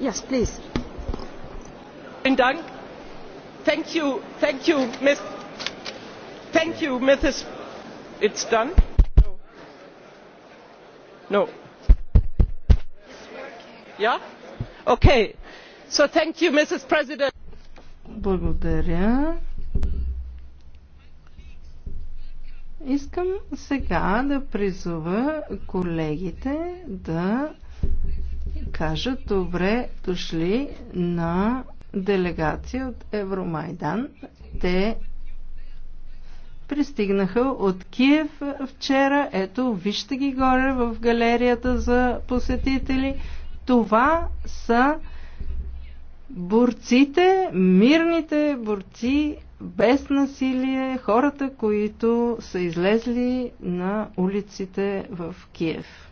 Yes, please. Thank you, thank you, Ms. Thank you, Mrs. It's done. No. Yeah. Okay. So thank you, Mrs. President. Благодаря. Искам сега да призова колегите да кажат добре дошли на делегация от Евромайдан. Те пристигнаха от Киев вчера. Ето, вижте ги горе в галерията за посетители. Това са борците, мирните борци, без насилие, хората, които са излезли на улиците в Киев.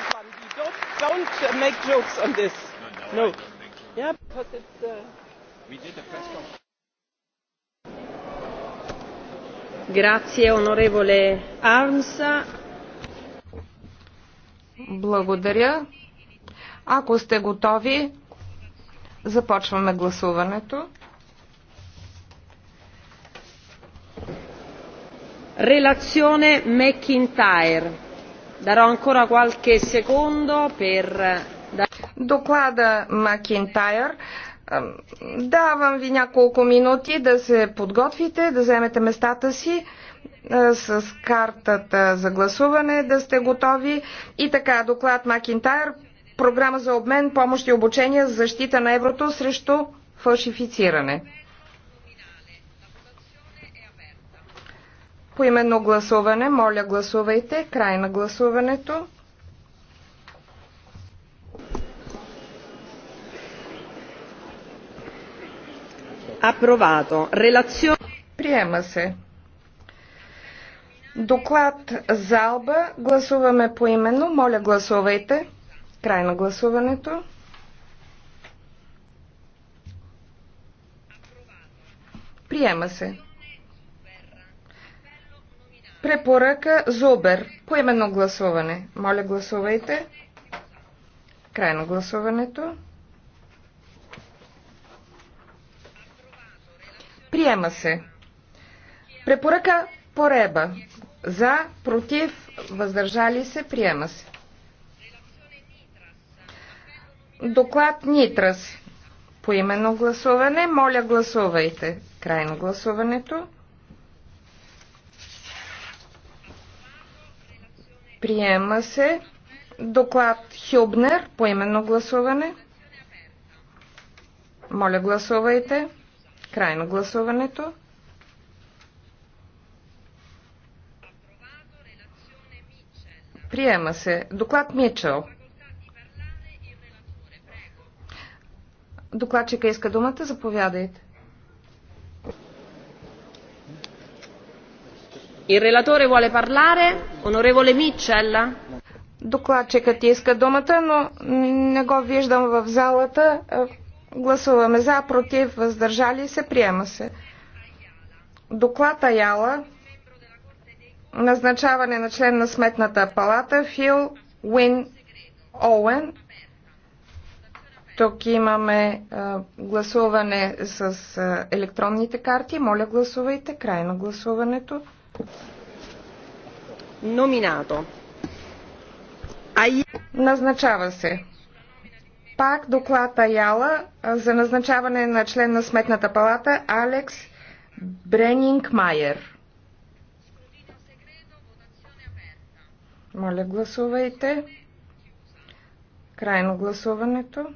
one. You don't, make jokes on this. No. Yeah, because it's. Uh, we did a press conference. Grazie, onorevole Армс. Благодаря. Ако сте готови, започваме гласуването. Relazione McIntyre. Eh, Доклада Макинтайр. Давам ви няколко минути да се подготвите, да вземете местата си с картата за гласуване, да сте готови. И така, доклад Макинтайр, програма за обмен, помощ и обучение за защита на еврото срещу фалшифициране. По именно гласуване, моля гласувайте. Край на гласуването. Апровато. Релацион... Приема се. Доклад залба. Гласуваме по именно. Моля гласувайте. Край на гласуването. Приема се. Препоръка Зубер. Поименно гласуване. Моля, гласувайте. Крайно гласуването. Приема се. Препоръка Пореба. За, против, въздържали се, приема се. Доклад Нитрас. Поименно гласуване. Моля, гласувайте. Крайно гласуването. Приема се доклад Хюбнер по именно гласуване. Моля, гласувайте. Крайно гласуването. Приема се. Доклад Мичел. Докладчика иска думата. Заповядайте. Докладчикът иска думата, но не го виждам в залата. Е, гласуваме за, против, въздържали се, приема се. Доклад Аяла, назначаване на член на Сметната палата, Фил Уин Оуен. Тук имаме а, е, гласуване с а, е, електронните карти. Моля, гласувайте. Край на гласуването. Номинато. Назначава се. Пак доклад Аяла за назначаване на член на Сметната палата Алекс Бренинг Майер. Моля, гласувайте. Крайно гласуването.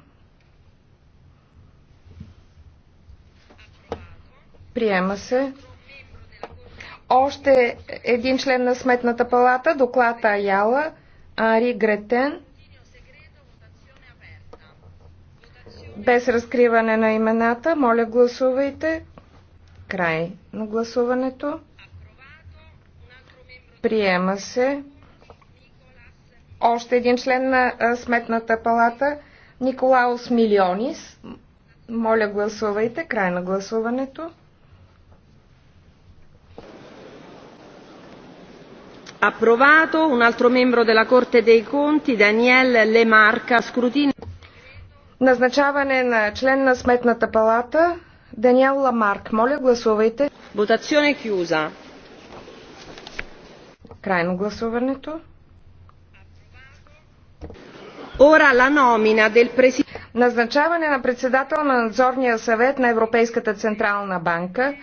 Приема се. Още един член на Сметната палата, доклад Аяла, Ари Гретен, без разкриване на имената. Моля, гласувайте. Край на гласуването. Приема се. Още един член на Сметната палата, Николаус Милионис. Моля, гласувайте. Край на гласуването. approvato un altro membro della Corte dei Conti, Daniel Lemarca, scrutinio. Назначаване на член на Сметната палата Даниел Ламарк. Моля, гласувайте. Votazione chiusa. Крайно гласуването. Ora la nomina del presidente. Назначаване на председател на надзорния съвет на Европейската централна банка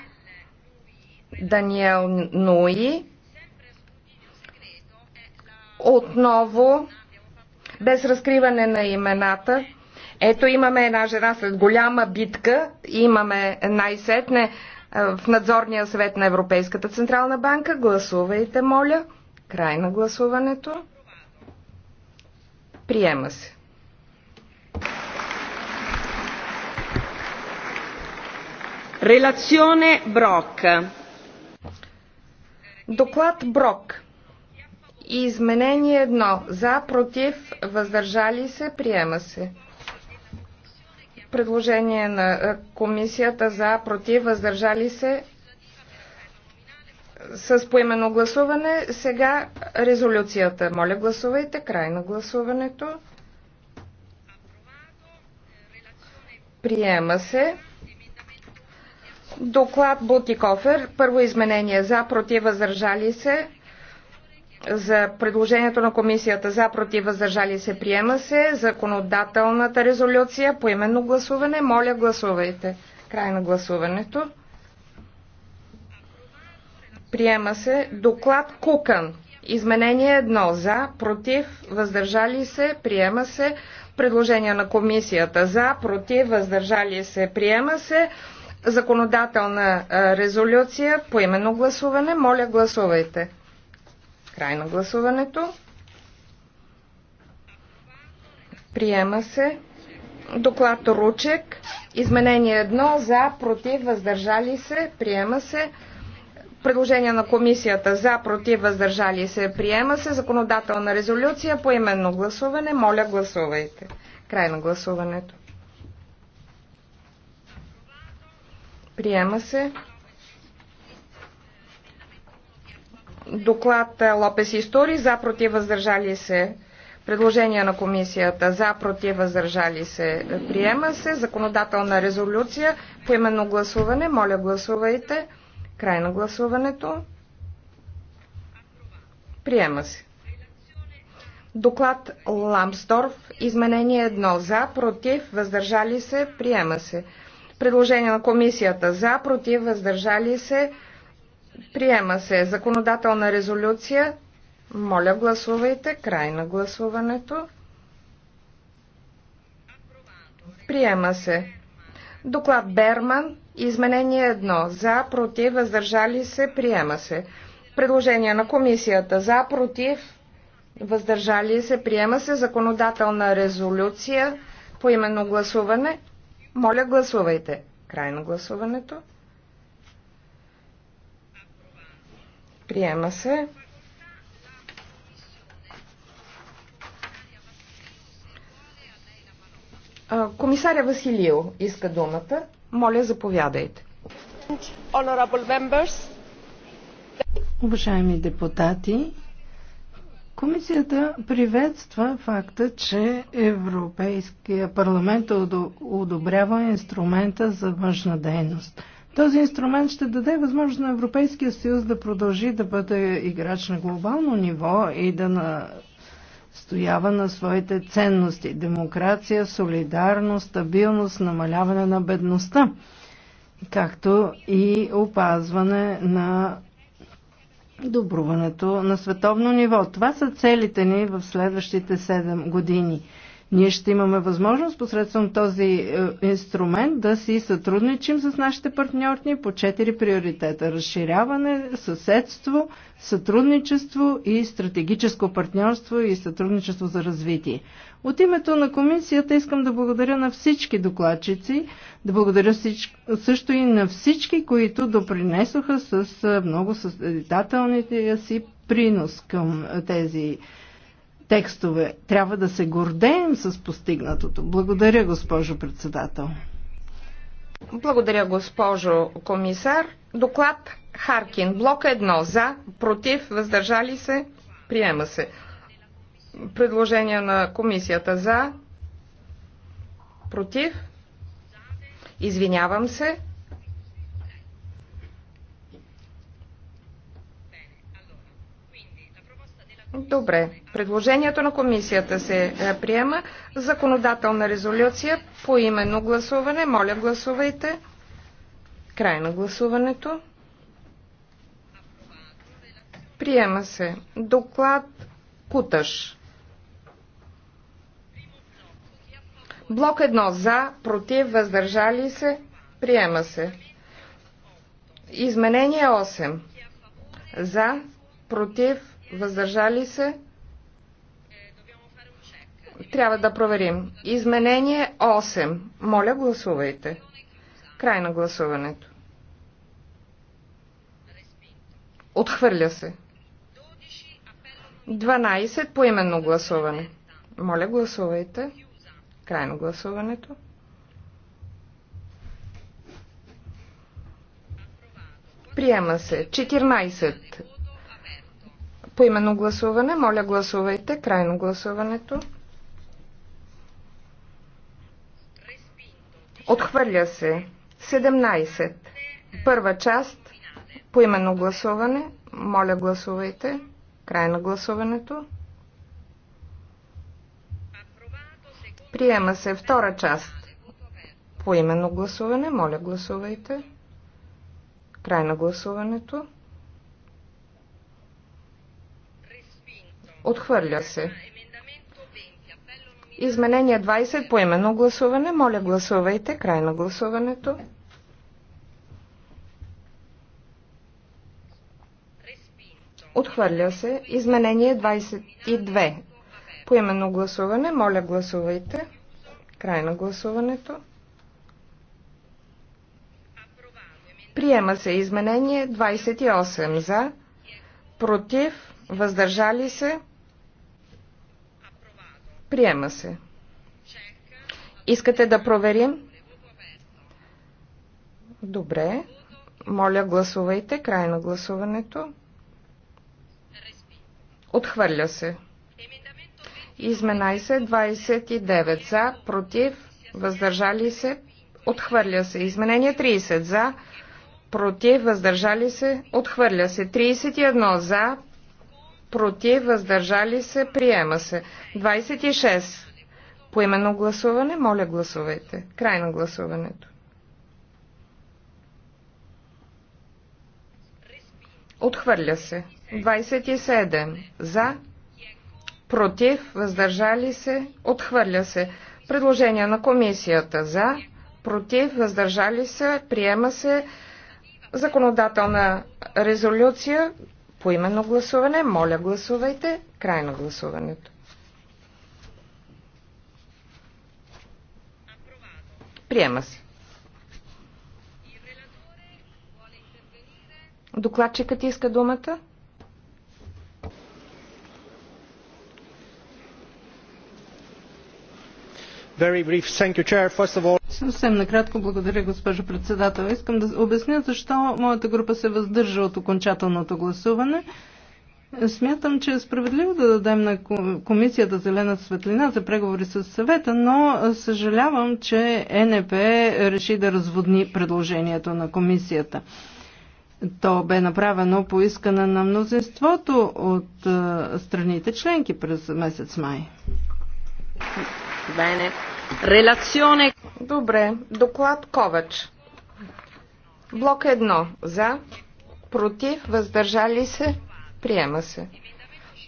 Даниел Нуи. Отново, без разкриване на имената, ето имаме една жена след голяма битка, имаме най-сетне е, в надзорния съвет на Европейската Централна банка. Гласувайте, моля. Край на гласуването. Приема се. Релационе Брок. Доклад Брок. И изменение едно. За, против, въздържали се, приема се. Предложение на е, комисията за, против, въздържали се, с поименно гласуване. Сега резолюцията. Моля, гласувайте. Край на гласуването. Приема се. Доклад Бутикофер. Първо изменение за, против, въздържали се за предложението на комисията за против въздържали се приема се законодателната резолюция по именно гласуване. Моля гласувайте. Край на гласуването. Приема се доклад Кукан. Изменение едно за, против, въздържали се, приема се. Предложение на комисията за, против, въздържали се, приема се. Законодателна резолюция по именно гласуване. Моля гласувайте. Край на гласуването. Приема се. Доклад Ручек. Изменение 1 за, против, въздържали се. Приема се. Предложение на комисията за, против, въздържали се. Приема се. Законодателна резолюция по именно гласуване. Моля, гласувайте. Край на гласуването. Приема се. Доклад е, Лопес Истори за против въздържали се. Предложение на комисията за против въздържали се. Приема се законодателна резолюция по именно гласуване. Моля гласувайте. Край на гласуването. Приема се. Доклад Ламсторф. Изменение едно. За, против, въздържали се. Приема се. Предложение на комисията. За, против, въздържали се. Приема се законодателна резолюция. Моля, гласувайте. Край на гласуването. Приема се. Доклад Берман. Изменение 1. За, против, въздържали се. Приема се. Предложение на комисията. За, против, въздържали се. Приема се. Законодателна резолюция по именно гласуване. Моля, гласувайте. Край на гласуването. Приема се. Комисаря Василио иска думата. Моля, заповядайте. Уважаеми депутати, Комисията приветства факта, че Европейския парламент одобрява инструмента за външна дейност – този инструмент ще даде възможност на Европейския съюз да продължи да бъде играч на глобално ниво и да настоява на своите ценности – демокрация, солидарност, стабилност, намаляване на бедността, както и опазване на добруването на световно ниво. Това са целите ни в следващите 7 години – ние ще имаме възможност посредством този е, инструмент да си сътрудничим с нашите партньорни по четири приоритета. Разширяване, съседство, сътрудничество и стратегическо партньорство и сътрудничество за развитие. От името на комисията искам да благодаря на всички докладчици, да благодаря всички, също и на всички, които допринесоха с е, много състезателните си принос към е, тези текстове. Трябва да се гордеем с постигнатото. Благодаря, госпожо председател. Благодаря, госпожо комисар. Доклад Харкин. Блок 1 за, против, въздържали се, приема се. Предложение на комисията за, против, извинявам се, Добре. Предложението на комисията се е, приема. Законодателна резолюция по именно гласуване. Моля, гласувайте. Край на гласуването. Приема се. Доклад Куташ. Блок 1 за, против, въздържали се. Приема се. Изменение 8. За, против, въздържали се, трябва да проверим. Изменение 8. Моля, гласувайте. Край на гласуването. Отхвърля се. 12. Поименно гласуване. Моля, гласувайте. Край на гласуването. Приема се. 14. По именно гласуване, моля гласувайте. Крайно гласуването. Отхвърля се. 17. Първа част. По именно гласуване. Моля гласувайте. Край на гласуването. Приема се втора част. По именно гласуване. Моля гласувайте. Край на гласуването. Отхвърля се. Изменение 20 по именно гласуване. Моля, гласувайте. Край на гласуването. Отхвърля се. Изменение 22. По именно гласуване. Моля, гласувайте. Край на гласуването. Приема се изменение 28 за, против, въздържали се Приема се. Искате да проверим? Добре. Моля, гласувайте. Край на гласуването. Отхвърля се. Изменай се 29 за, против, въздържали се, отхвърля се. Изменение 30 за, против, въздържали се, отхвърля се. 31 за, против, въздържали се, приема се. 26. Поименно гласуване, моля гласувайте. Край на гласуването. Отхвърля се. 27. За. Против. Въздържали се. Отхвърля се. Предложение на комисията. За. Против. Въздържали се. Приема се. Законодателна резолюция. По именно гласуване, моля гласувайте. Край на гласуването. Приема се. Докладчикът иска думата. Съвсем накратко благодаря, госпожо председател. Искам да обясня защо моята група се въздържа от окончателното гласуване. Смятам, че е справедливо да дадем на комисията зелена светлина за преговори с съвета, но съжалявам, че НП реши да разводни предложението на комисията. То бе направено по искане на мнозинството от страните членки през месец май. Bene. Relazione... Добре. Доклад Ковач. Блок 1. За. Против. Въздържали се. Приема се.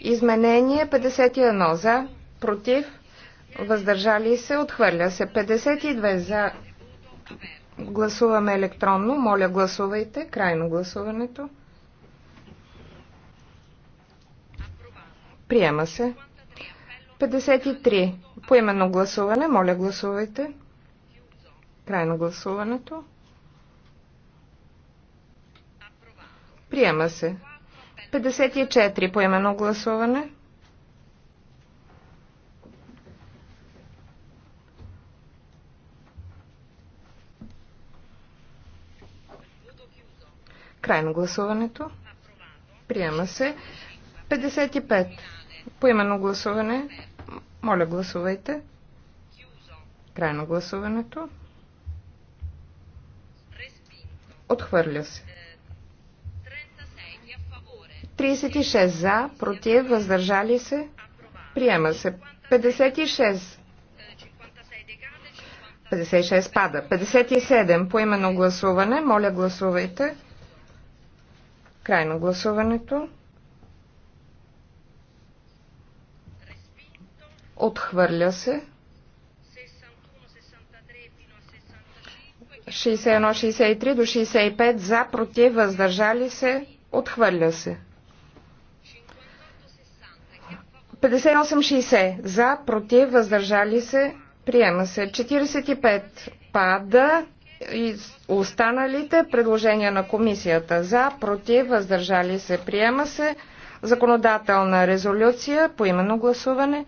Изменение 51. За. Против. Въздържали се. Отхвърля се. 52. За. Гласуваме електронно. Моля, гласувайте. Крайно гласуването. Приема се. 53. Поименно гласуване. Моля, гласувайте. Край на гласуването. Приема се. 54. Поименно гласуване. Край на гласуването. Приема се. 55. Поименно гласуване. Моля, гласувайте. Край на гласуването. Отхвърля се. 36 за, против, въздържали се. Приема се. 56. 56 пада. 57 по именно гласуване. Моля, гласувайте. Край на гласуването. Отхвърля се. 61-63 до 65 за, против, въздържали се, отхвърля се. 58-60 за, против, въздържали се, приема се. 45 пада и останалите предложения на комисията за, против, въздържали се, приема се. Законодателна резолюция по именно гласуване.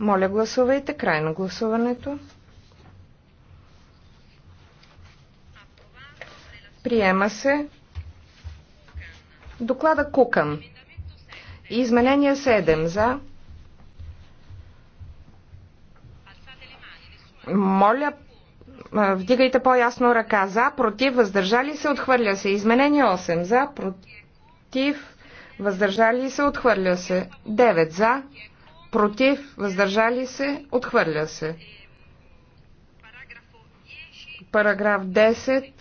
Моля, гласувайте. Край на гласуването. Приема се доклада Кукан. Изменение 7 за. Моля, вдигайте по-ясно ръка. За, против, въздържали се, отхвърля се. Изменение 8 за, против, въздържали се, отхвърля се. 9 за, против, въздържали се, отхвърля се. Параграф 10,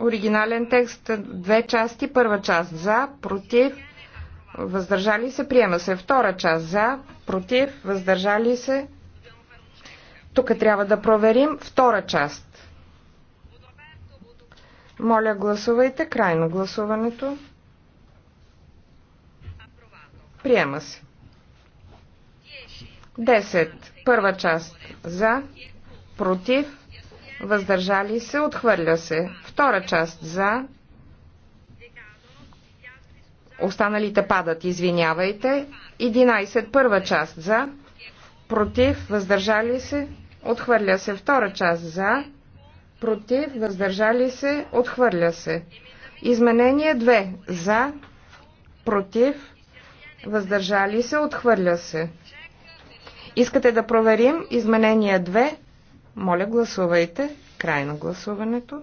оригинален текст, две части, първа част за, против, въздържали се, приема се. Втора част за, против, въздържали се. Тук трябва да проверим втора част. Моля, гласувайте. Крайно гласуването. Приема се. 10. Първа част. За. Против. Въздържали се. Отхвърля се. Втора част. За. Останалите падат. Извинявайте. 11. Първа част. За. Против. Въздържали се. Отхвърля се. Втора част. За. Против. Въздържали се. Отхвърля се. Изменение 2. За. Против. Въздържали се. Отхвърля се. Искате да проверим изменение 2? Моля, гласувайте. Край на гласуването.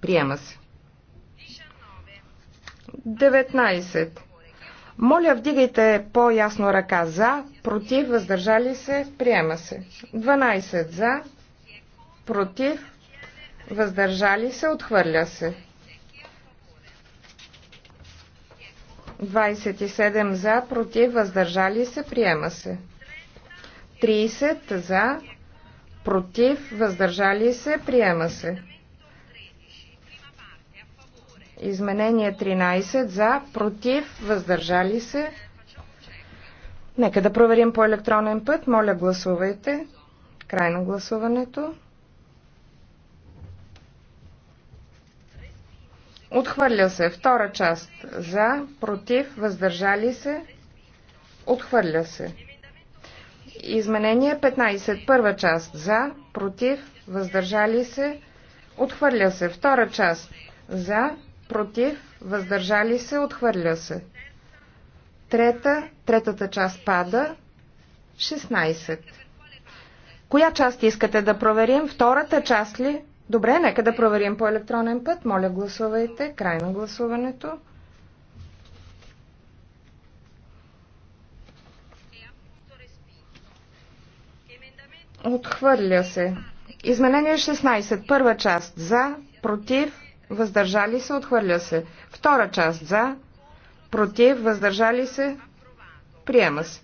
Приема се. 19. Моля, вдигайте по-ясно ръка за, против, въздържали се, приема се. 12 за, против, въздържали се, отхвърля се. 27 за, против, въздържали се, приема се. 30 за, против, въздържали се, приема се. Изменение 13 за, против, въздържали се. Нека да проверим по електронен път. Моля, гласувайте. Край на гласуването. Отхвърля се. Втора част. За, против, въздържали се. Отхвърля се. Изменение 15. Първа част. За, против, въздържали се. Отхвърля се. Втора част. За, против, въздържали се. Отхвърля се. Трета. Третата част пада. 16. Коя част искате да проверим? Втората част ли? Добре, нека да проверим по електронен път. Моля, гласувайте. Край на гласуването. Отхвърля се. Изменение 16. Първа част за, против, въздържали се, отхвърля се. Втора част за, против, въздържали се, приема се.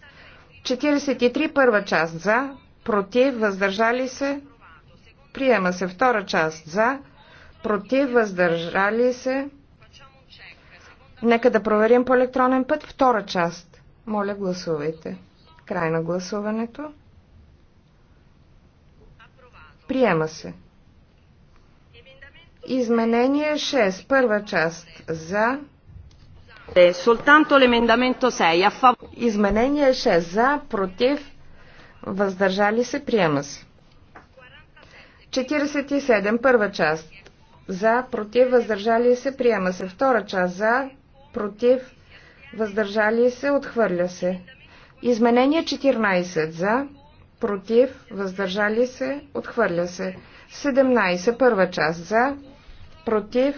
43. Първа част за, против, въздържали се, Приема се втора част за, против, въздържали се. Нека да проверим по електронен път втора част. Моля, гласувайте. Край на гласуването. Приема се. Изменение 6. Първа част. За. Soltanto l'emendamento 6. Изменение 6. За. Против. Въздържали се. Приема се. 47. Първа част. За, против, въздържали се, приема се. Втора част. За, против, въздържали се, отхвърля се. Изменение 14. За, против, въздържали се, отхвърля се. 17. Първа част. За, против,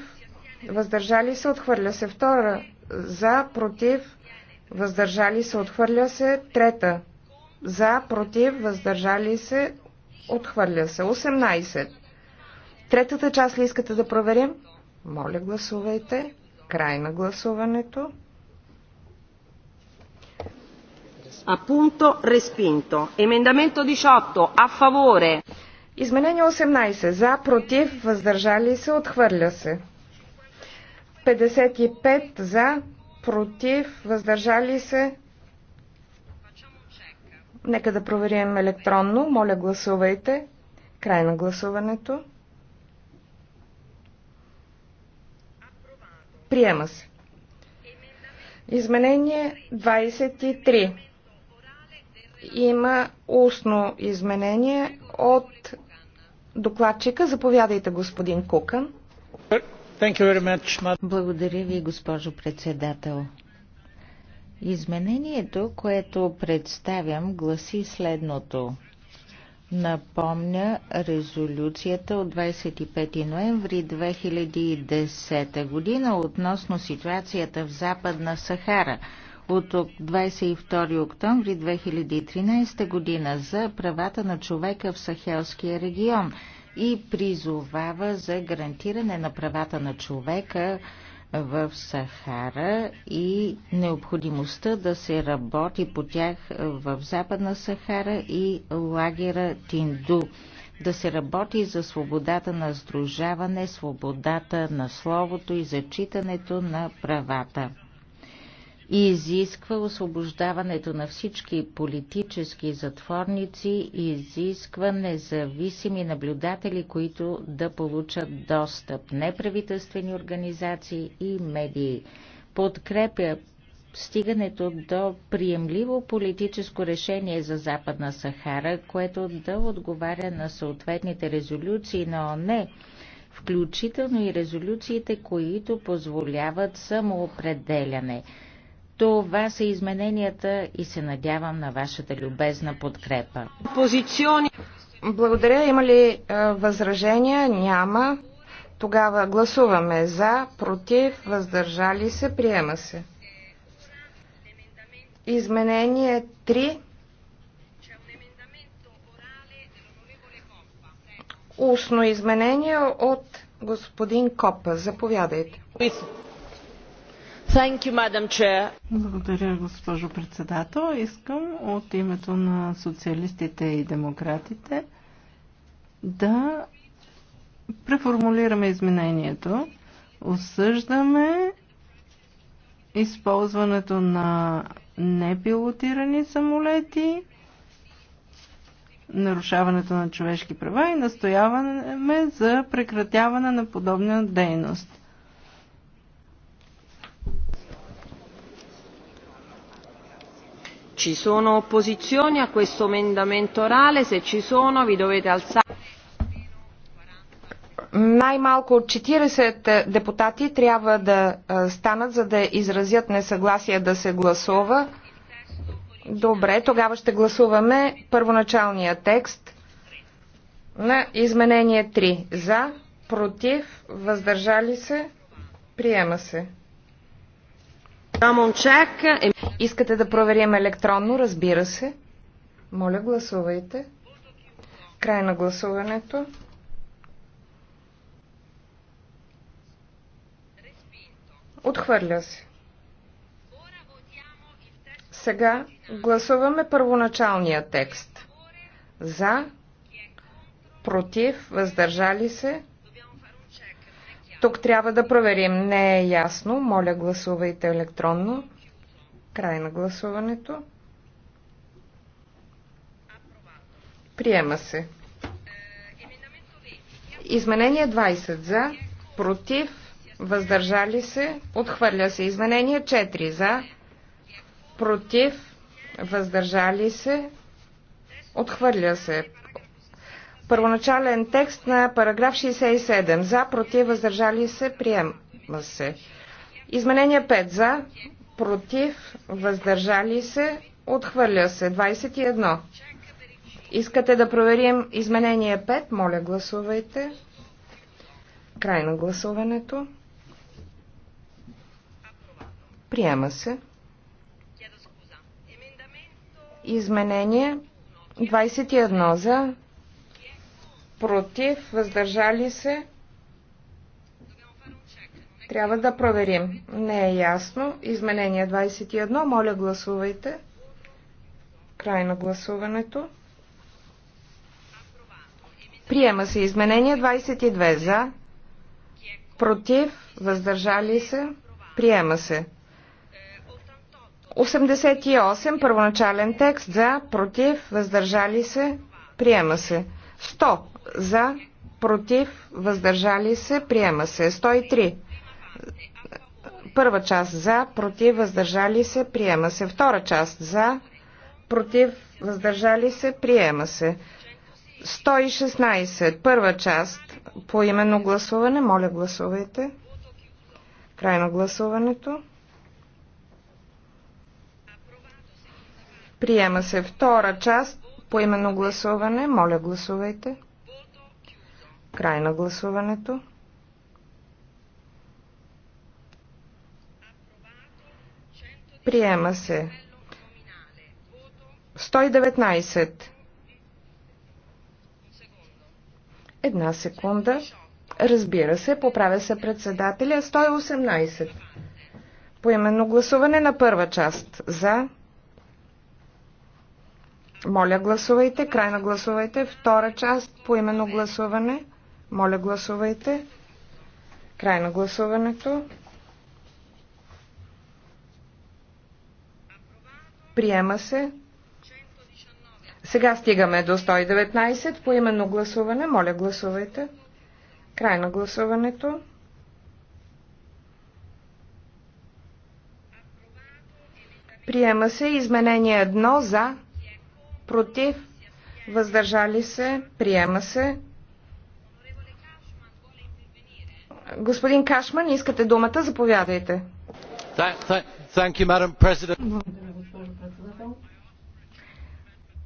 въздържали се, отхвърля се. Втора. За, против, въздържали се, отхвърля се. Трета. За, против, въздържали се, Отхвърля се. 18. Третата част ли искате да проверим? Моля, гласувайте. Край на гласуването. Апунто респинто. Емендаменто 18. А фаворе. Изменение 18. За, против, въздържали се, отхвърля се. 55 за, против, въздържали се, Нека да проверим електронно. Моля, гласувайте. Край на гласуването. Приема се. Изменение 23. Има устно изменение от докладчика. Заповядайте, господин Кукан. Благодаря ви, госпожо председател. Изменението, което представям, гласи следното. Напомня резолюцията от 25 ноември 2010 година относно ситуацията в Западна Сахара от 22 октомври 2013 година за правата на човека в Сахелския регион и призовава за гарантиране на правата на човека в Сахара и необходимостта да се работи по тях в Западна Сахара и лагера Тинду. Да се работи за свободата на сдружаване, свободата на словото и зачитането на правата и изисква освобождаването на всички политически затворници и изисква независими наблюдатели, които да получат достъп, неправителствени организации и медии. Подкрепя стигането до приемливо политическо решение за Западна Сахара, което да отговаря на съответните резолюции на ОНЕ, включително и резолюциите, които позволяват самоопределяне. Това са измененията и се надявам на вашата любезна подкрепа. Позиционни. Благодаря. Има ли е, възражения? Няма. Тогава гласуваме за, против, въздържали се, приема се. Изменение 3. Устно изменение от господин Копа. Заповядайте. Благодаря, госпожо председател. Искам от името на социалистите и демократите да преформулираме изменението. Осъждаме използването на непилотирани самолети, нарушаването на човешки права и настояваме за прекратяване на подобна дейност. Ci sono opposizioni a questo emendamento orale? Se ci sono, vi dovete alzare. Най-малко от 40 е, депутати трябва да е, станат, за да изразят несъгласие да се гласува. Добре, тогава ще гласуваме първоначалния текст на изменение 3. За, против, въздържали се, приема се. Искате да проверим електронно, разбира се. Моля, гласувайте. Край на гласуването. Отхвърля се. Сега гласуваме първоначалния текст. За, против, въздържали се. Тук трябва да проверим. Не е ясно. Моля, гласувайте електронно. Край на гласуването. Приема се. Изменение 20 за, против, въздържали се, отхвърля се. Изменение 4 за, против, въздържали се, отхвърля се. Първоначален текст на параграф 67. За, против, въздържали се, приема се. Изменение 5. За, против, въздържали се, отхвърля се. 21. Искате да проверим изменение 5? Моля, гласувайте. Край на гласуването. Приема се. Изменение 21 за, против, въздържали се, трябва да проверим. Не е ясно. Изменение 21. Моля, гласувайте. Край на гласуването. Приема се изменение 22 за, против, въздържали се, приема се. 88 първоначален текст за, против, въздържали се, приема се. 100 за, против, въздържали се, приема се. 103 Първа част за, против, въздържали се, приема се. Втора част за, против, въздържали се, приема се. 116. Първа част по именно гласуване. Моля, гласувайте. Край на гласуването. Приема се втора част по именно гласуване. Моля, гласувайте. Край на гласуването. Приема се. 119. Една секунда. Разбира се, поправя се председателя. 118. Поименно гласуване на първа част. За. Моля гласувайте. крайно гласувайте. Втора част. Поименно гласуване. Моля гласувайте. Край на гласуването. Приема се. Сега стигаме до 119 по именно гласуване. Моля, гласувайте. Край на гласуването. Приема се изменение 1 за, против, въздържали се, приема се. Господин Кашман, искате думата, заповядайте. Thank you, Madam President.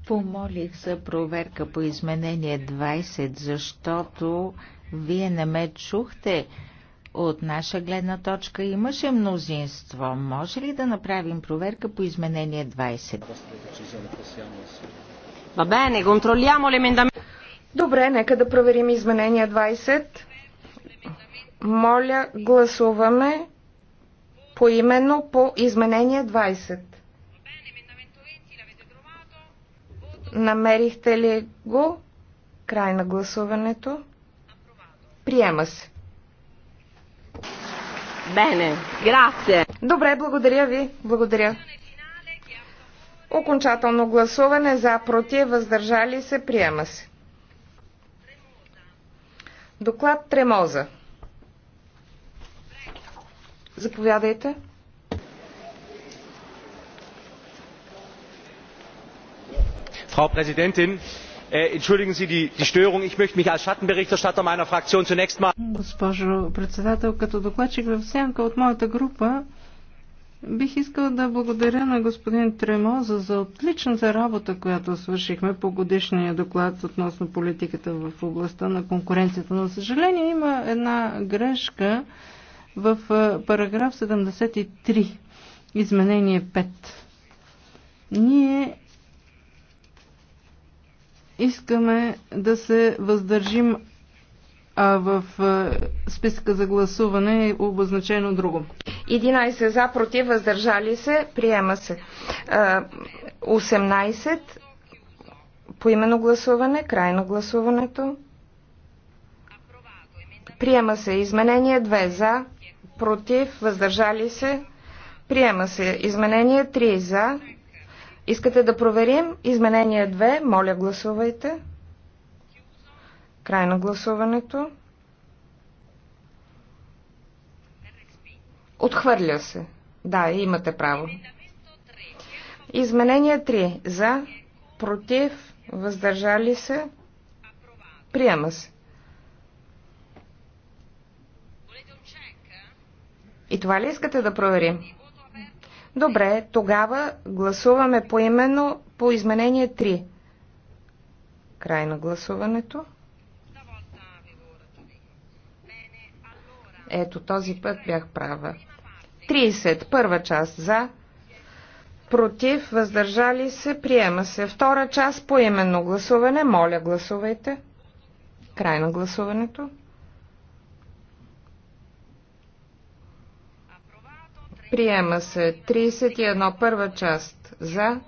Помолих за проверка по изменение 20, защото вие не ме чухте. От наша гледна точка имаше мнозинство. Може ли да направим проверка по изменение 20? Добре, нека да проверим изменение 20. Моля, гласуваме поименно по изменение 20. Намерихте ли го? Край на гласуването. Приема се. Бене, грация. Добре, благодаря ви. Благодаря. Окончателно гласуване за, против, въздържали се, приема се. Доклад Тремоза. Заповядайте. frau präsidentin! Äh, entschuldigen sie die störung. ich möchte mich als schattenberichterstatter meiner fraktion zunächst mal. госпожо председател като докладчик в сянка от моята група бих искал да благодаря на господин Тремоза за отличната работа, която свършихме по годишния доклад относно политиката в областта на конкуренцията. Но, съжаление, има една грешка в е, параграф 73, изменение 5. Ние Искаме да се въздържим а в списка за гласуване е обозначено друго. 11 за, против, въздържали се, приема се. 18 по именно гласуване, крайно гласуването. Приема се изменение 2 за, против, въздържали се. Приема се изменение 3 за, Искате да проверим изменение 2? Моля, гласувайте. Край на гласуването. Отхвърля се. Да, имате право. Изменение 3. За, против, въздържали се, приема се. И това ли искате да проверим? Добре, тогава гласуваме по именно по изменение 3. Край на гласуването. Ето този път бях права. 30. Първа част за. Против, въздържали се, приема се. Втора част по именно гласуване. Моля, гласувайте. Край на гласуването. Приема се 31 първа част за,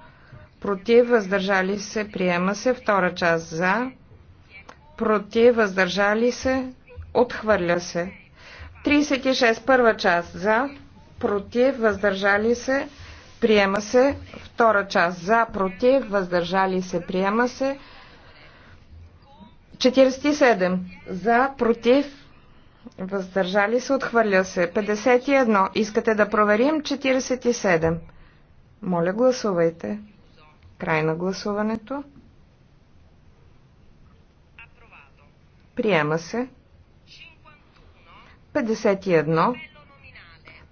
против, въздържали се, приема се втора част за, против, въздържали се, отхвърля се. 36 първа част за, против, въздържали се, приема се втора част за, против, въздържали се, приема се. 47 за, против, Въздържали се, отхвърля се. 51. Искате да проверим 47. Моля, гласувайте. Край на гласуването. Приема се. 51.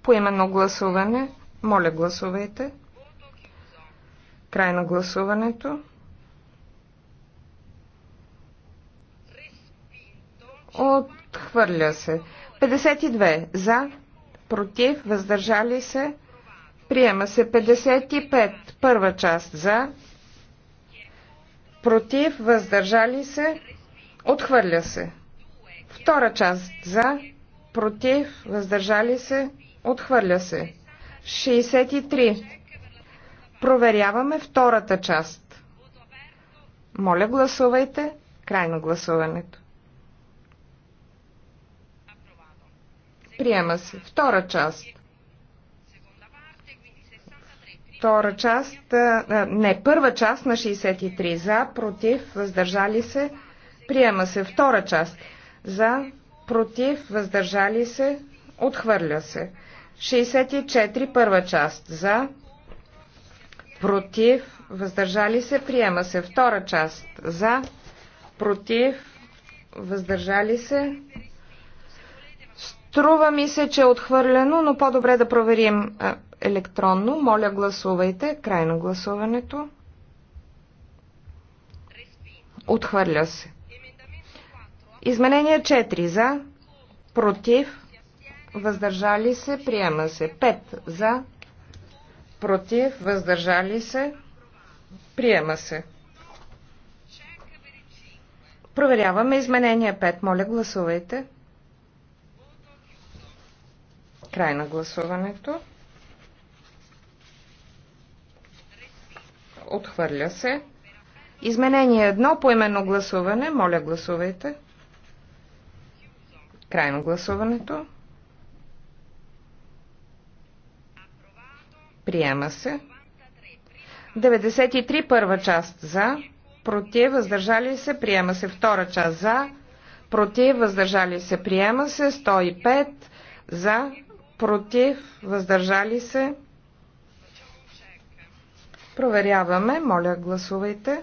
Поименно гласуване. Моля, гласувайте. Край на гласуването. Отхвърля се. 52 за, против, въздържали се. Приема се 55. Първа част за, против, въздържали се. Отхвърля се. Втора част за, против, въздържали се. Отхвърля се. 63. Проверяваме втората част. Моля, гласувайте. Край на гласуването. Приема се. Втора част. Втора част, не, първа част на 63 за, против, въздържали се. Приема се. Втора част. За, против, въздържали се, отхвърля се. 64 първа част. За, против, въздържали се, приема се. Втора част. За, против, въздържали се, Трува ми се, че е отхвърлено, но по-добре да проверим е, електронно. Моля, гласувайте. Край на гласуването. Отхвърля се. Изменение 4 за, против, въздържали се, приема се. 5 за, против, въздържали се, приема се. Проверяваме изменение 5. Моля, гласувайте. Край на гласуването. Отхвърля се. Изменение едно по именно гласуване. Моля, гласувайте. Край на гласуването. Приема се. 93 първа част за, против, въздържали се, приема се втора част за, против, въздържали се, приема се, 105 за, против, въздържали се. Проверяваме. Моля, гласувайте.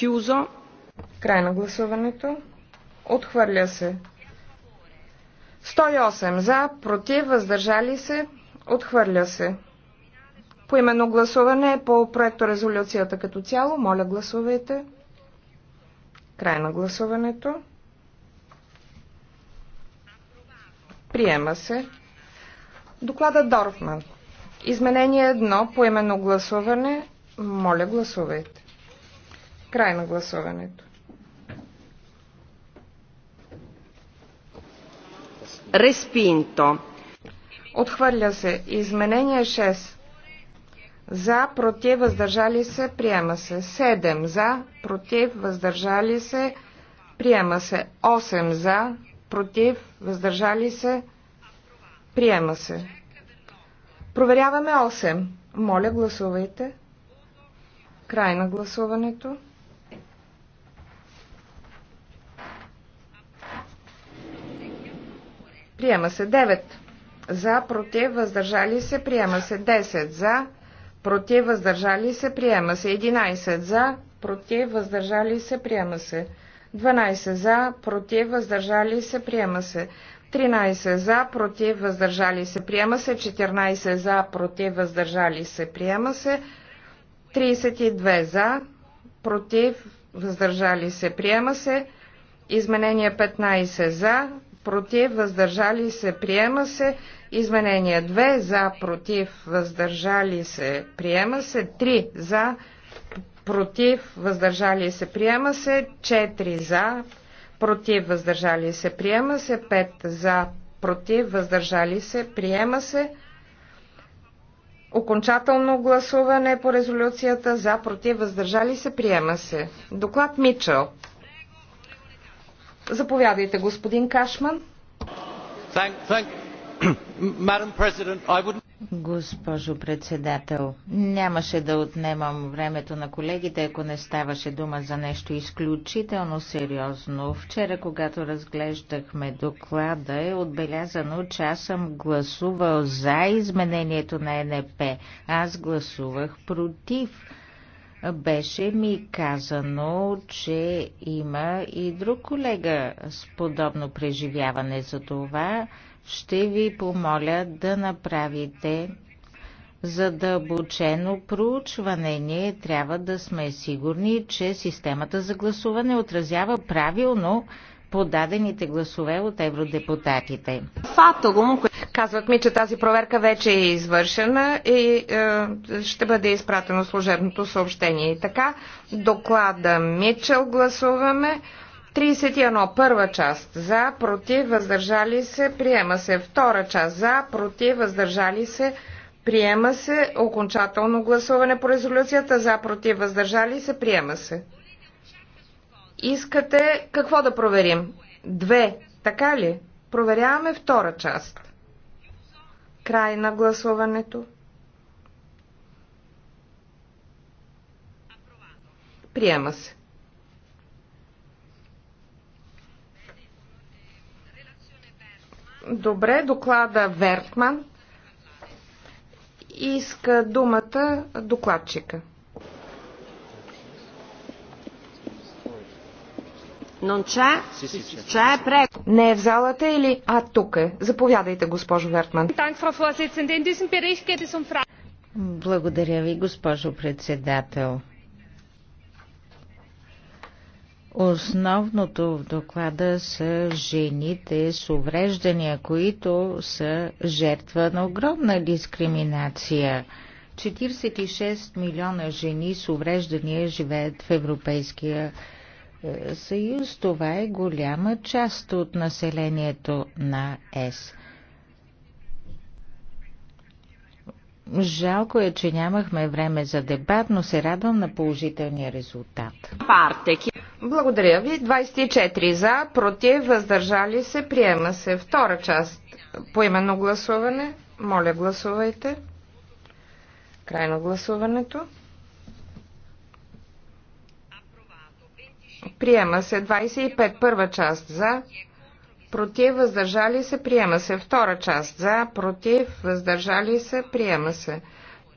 Кюзо. Край на гласуването. Отхвърля се. 108 за, против, въздържали се. Отхвърля се. Поименно гласуване по проекто резолюцията като цяло. Моля, гласувайте. Край на гласуването. Приема се. Доклада Дорфман. Изменение едно по именно гласуване. Моля, гласувайте. Край на гласуването. Респинто. Отхвърля се. Изменение 6. За, против, въздържали се, приема се. 7 за, против, въздържали се, приема се. 8 за, против, въздържали се, приема се. Проверяваме 8. Моля, гласувайте. Край на гласуването. Приема се 9. За, против, въздържали се, приема се 10. За, против, въздържали се, приема се. 11 за, против, въздържали се, приема се. 12 за, против, въздържали се, приема се. 13 за, против, въздържали се, приема се. 14 за, против, въздържали се, приема се. 32 за, против, въздържали се, приема се. Изменение 15 за, против, въздържали се, приема се. Изменение 2 за, против, въздържали се, приема се. 3 за, против, въздържали се, приема се. 4 за, против, въздържали се, приема се. 5 за, против, въздържали се, приема се. Окончателно гласуване по резолюцията за, против, въздържали се, приема се. Доклад Мичел. Заповядайте, господин Кашман. Thank, thank, Госпожо председател, нямаше да отнемам времето на колегите, ако не ставаше дума за нещо изключително сериозно. Вчера, когато разглеждахме доклада, е отбелязано, че аз съм гласувал за изменението на НП. Аз гласувах против. Беше ми казано, че има и друг колега с подобно преживяване за това ще ви помоля да направите задълбочено проучване. Ние трябва да сме сигурни, че системата за гласуване отразява правилно подадените гласове от евродепутатите. Казват ми, че тази проверка вече е извършена и е, ще бъде изпратено служебното съобщение. И така, доклада Мичел гласуваме. 31. Първа част. За, против, въздържали се, приема се. Втора част. За, против, въздържали се, приема се. Окончателно гласуване по резолюцията. За, против, въздържали се, приема се. Искате какво да проверим? Две. Така ли? Проверяваме втора част. Край на гласуването. Приема се. Добре, доклада Вертман. Иска думата докладчика. Е Не е в залата или... А, тук е. Заповядайте, госпожо Вертман. Um Благодаря ви, госпожо председател. Основното в доклада са жените с увреждания, които са жертва на огромна дискриминация. 46 милиона жени с увреждания живеят в Европейския е, съюз. Това е голяма част от населението на ЕС. Жалко е, че нямахме време за дебат, но се радвам на положителния резултат. Благодаря ви. 24 за, против, въздържали се, приема се. Втора част по именно гласуване. Моля, гласувайте. Край на гласуването. Приема се 25 първа част за, против, въздържали се, приема се. Втора част за, против, въздържали се, приема се.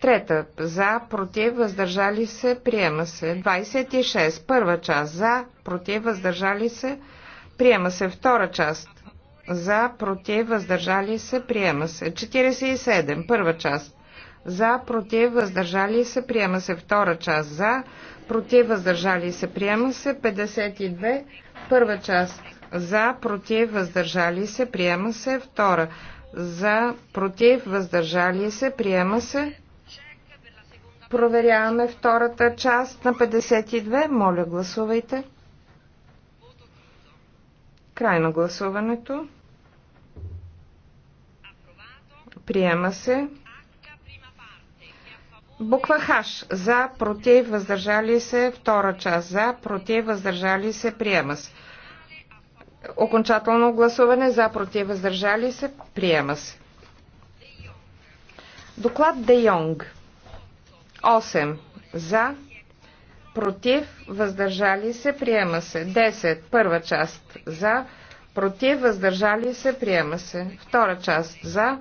Трета. За, против, въздържали се, приема се. 26. Първа част. За, против, въздържали се, приема се. Втора част. За, против, въздържали се, приема се. 47. Първа част. За, против, въздържали се, приема се. Втора част. За, против, въздържали се, приема се. 52. Първа част. За, против, въздържали се, приема се. Втора. За, против, въздържали се, приема се. Проверяваме втората част на 52. Моля, гласувайте. Край на гласуването. Приема се. Буква Хаш. За, против, въздържали се. Втора част. За, против, въздържали се. Приема се. Окончателно гласуване. За, против, въздържали се. Приема се. Доклад Де Йонг. 8 за, против, въздържали се, приема се. 10 първа част за, против, въздържали се, приема се. Втора част за,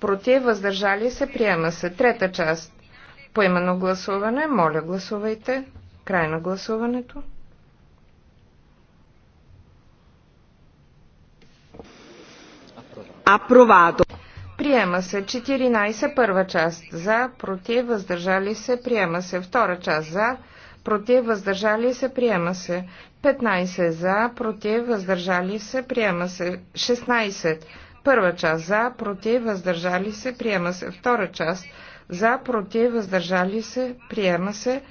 против, въздържали се, приема се. Трета част поимано гласуване. Моля, гласувайте. Край на гласуването. Апровато. Приема се 14 първа част за, против, въздържали се, приема се втора част за, против, въздържали се, приема се 15 за, против, въздържали се, приема се 16 първа част за, против, въздържали се, приема се втора част за, против, въздържали се, приема се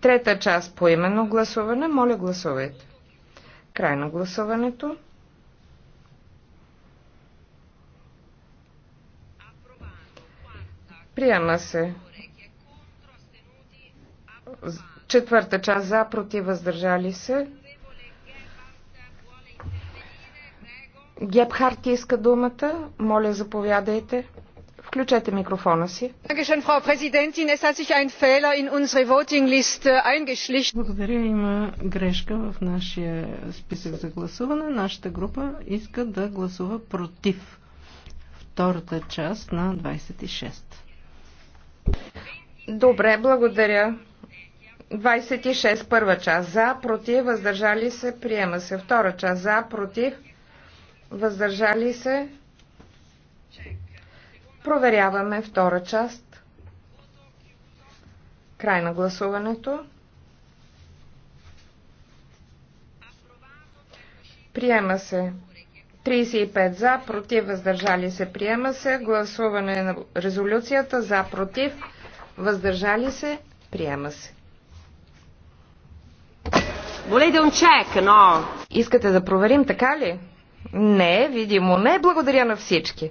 трета част по именно гласуване. Моля гласувайте. Край на гласуването. Приема се. Четвърта част за, против, въздържали се. Гебхарт иска думата. Моля, заповядайте. Включете микрофона си. Äh, Благодаря, има грешка в нашия списък за гласуване. Нашата група иска да гласува против втората част на 26. Добре, благодаря. 26 първа част за, против, въздържали се, приема се. Втора част за, против, въздържали се. Проверяваме втора част. Край на гласуването. Приема се. 35 за, против, въздържали се, приема се. Гласуване на резолюцията за, против, въздържали се, приема се. Volete чек, но. Искате да проверим, така ли? Не, видимо не. Благодаря на всички.